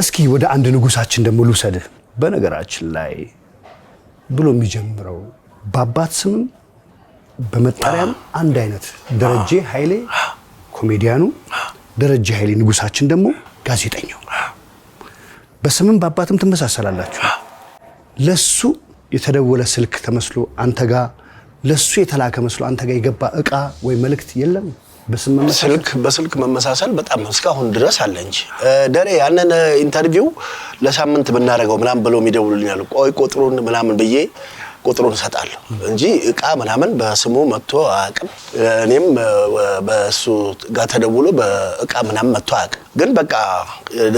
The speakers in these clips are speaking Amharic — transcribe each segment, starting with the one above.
እስኪ ወደ አንድ ንጉሳችን ደግሞ ልውሰድህ። በነገራችን ላይ ብሎ የሚጀምረው በአባት ስምም በመጠሪያም አንድ አይነት ደረጀ ኃይሌ ኮሜዲያኑ፣ ደረጀ ኃይሌ ንጉሳችን ደግሞ ጋዜጠኛው። በስምም በአባትም ትመሳሰላላችሁ። ለሱ የተደወለ ስልክ ተመስሎ አንተ ጋር፣ ለሱ የተላከ መስሎ አንተ ጋር የገባ እቃ ወይ መልእክት የለም። ስልክ በስልክ መመሳሰል በጣም እስካሁን ድረስ አለ እንጂ ደሬ ያንን ኢንተርቪው ለሳምንት ብናደርገው ምናምን ብለው የሚደውሉልኛል። ቆይ ቁጥሩን ምናምን ብዬ ቁጥሩን እሰጣለሁ እንጂ እቃ ምናምን በስሙ መጥቶ አያውቅም። እኔም በእሱ ጋር ተደውሎ በእቃ ምናምን መጥቶ አያውቅም። ግን በቃ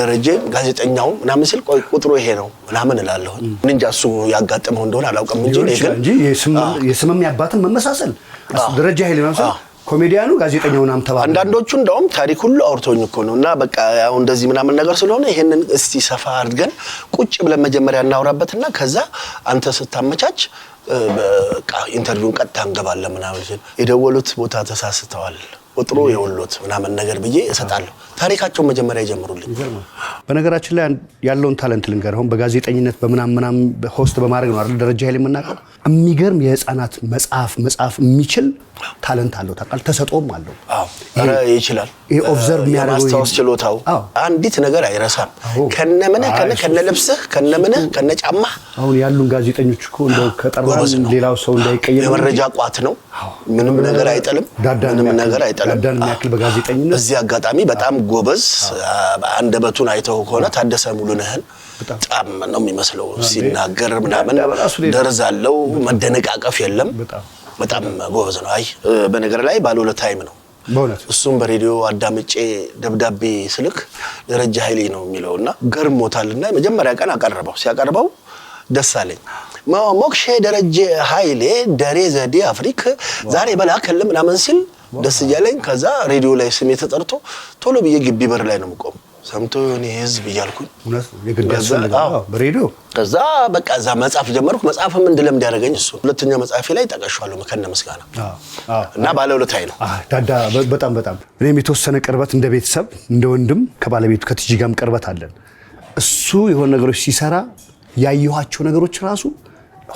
ደረጀ ጋዜጠኛው ምናምን ሲል ቆይ ቁጥሩ ይሄ ነው ምናምን እላለሁ። እንጃ እሱ ያጋጥመው እንደሆነ አላውቅም እንጂ ግን የስምም ያባትን መመሳሰል ደረጃ ኃይል መምሳል ኮሜዲያኑ ናም ተባለ። አንዳንዶቹ እንደውም ታሪክ ሁሉ አውርቶኝ እኮ ነው እና በቃ ያው እንደዚህ ምናምን ነገር ስለሆነ ይሄንን እስቲ ሰፋ አድርገን ቁጭ ብለን መጀመሪያ እናውራበትና ከዛ አንተ ስታመቻች ኢንተርቪውን ቀጥታ እንገባለን ምናምን የደወሉት ቦታ ተሳስተዋል ቁጥሩ የወሎት ምናምን ነገር ብዬ እሰጣለሁ። ታሪካቸው መጀመሪያ ይጀምሩልኝ። በነገራችን ላይ ያለውን ታለንት ልንገር። አሁን በጋዜጠኝነት በምናም ምናም ሆስት በማድረግ ነው አይደል ደረጃ ኃይል የምናውቀው። የሚገርም የህፃናት መጽሐፍ መጽሐፍ የሚችል ታለንት አለው ታውቃለህ። ተሰጦም አለው ይችላል። ይሄ ኦብዘርቭ ማስታወስ ችሎታው አንዲት ነገር አይረሳም። ከነምንህ ከነ ልብስህ ከነምንህ ከነ ጫማህ። አሁን ያሉን ጋዜጠኞች እኮ እንደው ከጠርማ ሌላው ሰው እንዳይቀየር የመረጃ ቋት ነው። ምንም ነገር አይጠልም። ምንም ነገር አይጠልም። ረዳን የሚያክል በጋዜጠኝነት እዚህ አጋጣሚ በጣም ጎበዝ አንደበቱን አይተው ከሆነ ታደሰ ሙሉነህን በጣም ነው የሚመስለው ሲናገር ምናምን ደርዝ አለው። መደነቃቀፍ የለም። በጣም ጎበዝ ነው። አይ በነገር ላይ ባለውለ ታይም ነው። እሱም በሬዲዮ አዳምጬ ደብዳቤ ስልክ ደረጃ ኃይሌ ነው የሚለው እና ገርሞታል ገርሞታልና መጀመሪያ ቀን አቀረበው። ሲያቀርበው ደስ አለኝ። ሞክሼ ደረጀ ኃይሌ ደሬ ዘዴ አፍሪክ ዛሬ በላክል ምናምን ሲል ደስ እያለኝ ከዛ ሬዲዮ ላይ ስሜ ተጠርቶ ቶሎ ብዬ ግቢ በር ላይ ነው የምቆመው። ሰምቶ የሆነ ህዝብ እያልኩኝ ከዛ በቃ እዛ መጽሐፍ ጀመርኩ። መጽሐፍም እንድለምድ ያደረገኝ እሱ። ሁለተኛ መጽሐፌ ላይ ጠቀሻለሁ መከነ ምስጋና እና ባለውለታዬ ነው ዳዳ። በጣም በጣም እኔም የተወሰነ ቅርበት እንደ ቤተሰብ እንደ ወንድም ከባለቤቱ ከትጂ ጋርም ቅርበት አለን። እሱ የሆነ ነገሮች ሲሰራ ያየኋቸው ነገሮች ራሱ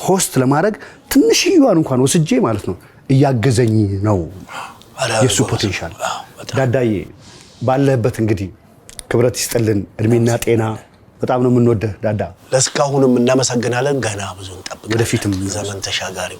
ሆስት ለማድረግ ትንሽዬዋን እንኳን ወስጄ ማለት ነው እያገዘኝ ነው የእሱ ፖቴንሻል ዳዳዬ ባለህበት እንግዲህ ክብረት ይስጥልን፣ እድሜና ጤና። በጣም ነው የምንወደህ ዳዳ። ለእስካሁንም እናመሰግናለን። ገና ብዙ እንጠብቅ ወደፊትም ዘመን ተሻጋሪ